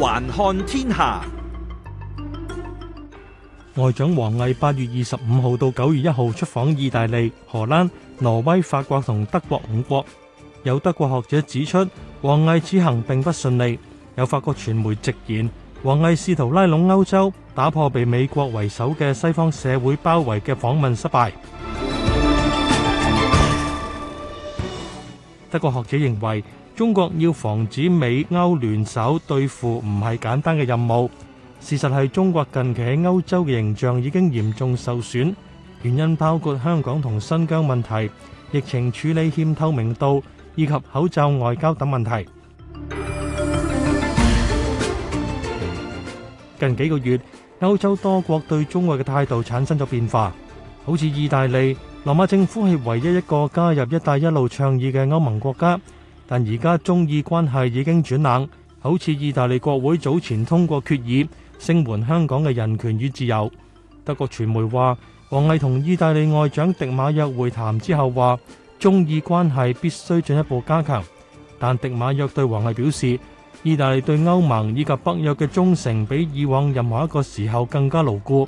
環看天下，外長王毅八月二十五號到九月一號出訪意大利、荷蘭、挪威、法國同德國五國。有德國學者指出，王毅此行並不順利。有法國傳媒直言，王毅試圖拉攏歐洲，打破被美國為首嘅西方社會包圍嘅訪問失敗。德國學者認為。中國要防止美歐聯手對付，唔係簡單嘅任務。事實係中國近期喺歐洲嘅形象已經嚴重受損，原因包括香港同新疆問題、疫情處理欠透明度以及口罩外交等問題。近幾個月，歐洲多國對中國嘅態度產生咗變化，好似意大利、羅馬政府係唯一一個加入「一帶一路」倡議嘅歐盟國家。但而家中意關係已經轉冷，好似意大利國會早前通過決議聲援香港嘅人權與自由。德國傳媒話，王毅同意大利外長迪馬約會談之後話，中意關係必須進一步加強，但迪馬約對王毅表示，意大利對歐盟以及北約嘅忠誠比以往任何一個時候更加牢固。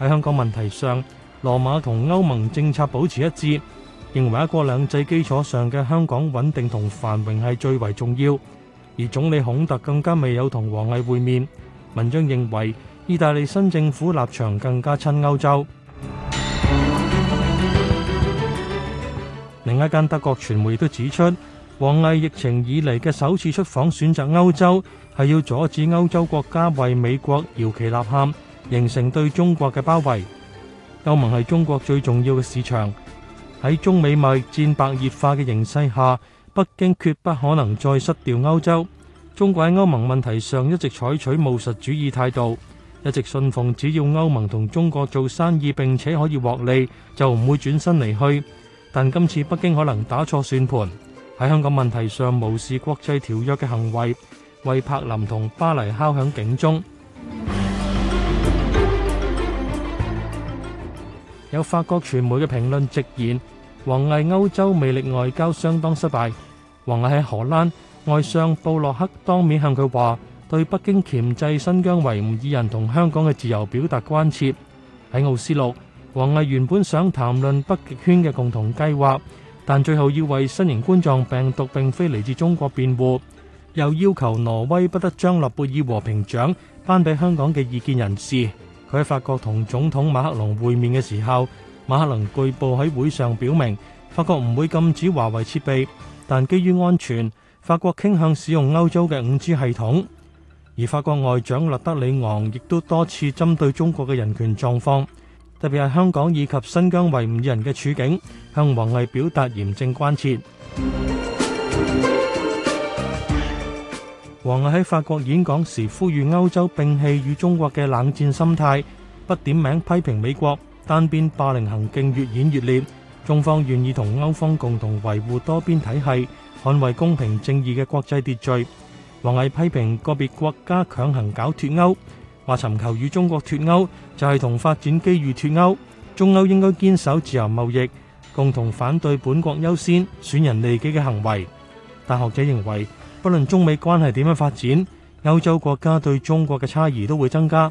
喺香港問題上，羅馬同歐盟政策保持一致。認為一國兩制基礎上嘅香港穩定同繁榮係最為重要，而總理孔特更加未有同王毅會面。文章認為，意大利新政府立場更加親歐洲。另一間德國傳媒亦都指出，王毅疫情以嚟嘅首次出訪選擇歐洲，係要阻止歐洲國家為美國搖旗吶喊，形成對中國嘅包圍。歐盟係中國最重要嘅市場。喺中美貿易戰白熱化嘅形勢下，北京決不可能再失掉歐洲。中國喺歐盟問題上一直採取務實主義態度，一直信奉只要歐盟同中國做生意並且可以獲利，就唔會轉身離去。但今次北京可能打錯算盤，喺香港問題上無視國際條約嘅行為，為柏林同巴黎敲響警鐘。有法國傳媒嘅評論直言。王毅歐洲魅力外交相當失敗。王毅喺荷蘭外相布洛克當面向佢話，對北京鉗制新疆維吾爾人同香港嘅自由表達關切。喺奧斯陸，王毅原本想談論北極圈嘅共同計劃，但最後要為新型冠狀病毒並非嚟自中國辯護，又要求挪威不得將諾貝爾和平獎頒俾香港嘅異見人士。佢喺法國同總統馬克龍會面嘅時候，馬克龍據報喺會上表明，法國唔會禁止華為設備，但基於安全，法國傾向使用歐洲嘅五 G 系統。而法國外長勒德里昂亦都多次針對中國嘅人權狀況，特別係香港以及新疆維吾爾人嘅處境，向王毅表達嚴正關切。王毅喺法國演講時呼籲歐洲摒棄與中國嘅冷戰心態，不點名批評美國。單邊霸凌行徑越演越烈，中方願意同歐方共同維護多邊體系，捍衛公平正義嘅國際秩序。王毅批評個別國家強行搞脫鈎，話尋求與中國脫鈎就係同發展機遇脫鈎。中歐應該堅守自由貿易，共同反對本國優先、損人利己嘅行為。但學者認為，不論中美關係點樣發展，歐洲國家對中國嘅差異都會增加。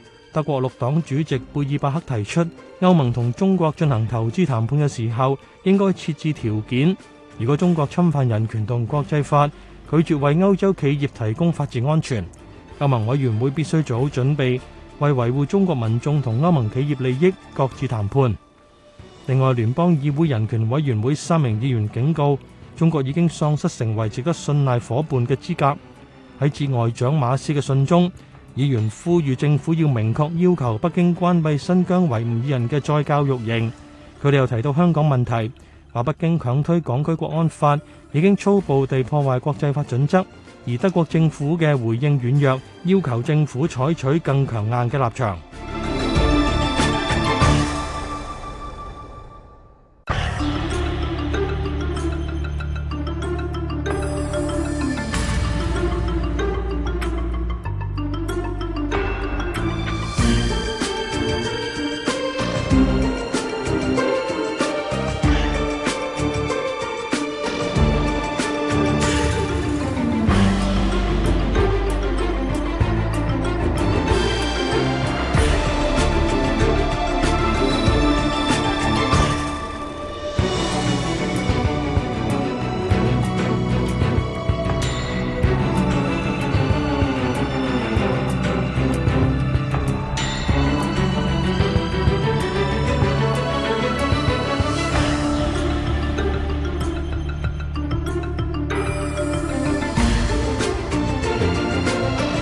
德國綠黨主席貝爾伯克提出，歐盟同中國進行投資談判嘅時候，應該設置條件。如果中國侵犯人權同國際法，拒絕為歐洲企業提供法治安全，歐盟委員會必須做好準備，為維護中國民眾同歐盟企業利益，各自談判。另外，聯邦議會人權委員會三名議員警告，中國已經喪失成為值得信賴伙伴嘅資格。喺致外長馬斯嘅信中，議員呼籲政府要明確要求北京關閉新疆維吾爾人嘅再教育營。佢哋又提到香港問題，話北京強推港區國安法已經粗暴地破壞國際法準則，而德國政府嘅回應軟弱，要求政府採取更強硬嘅立場。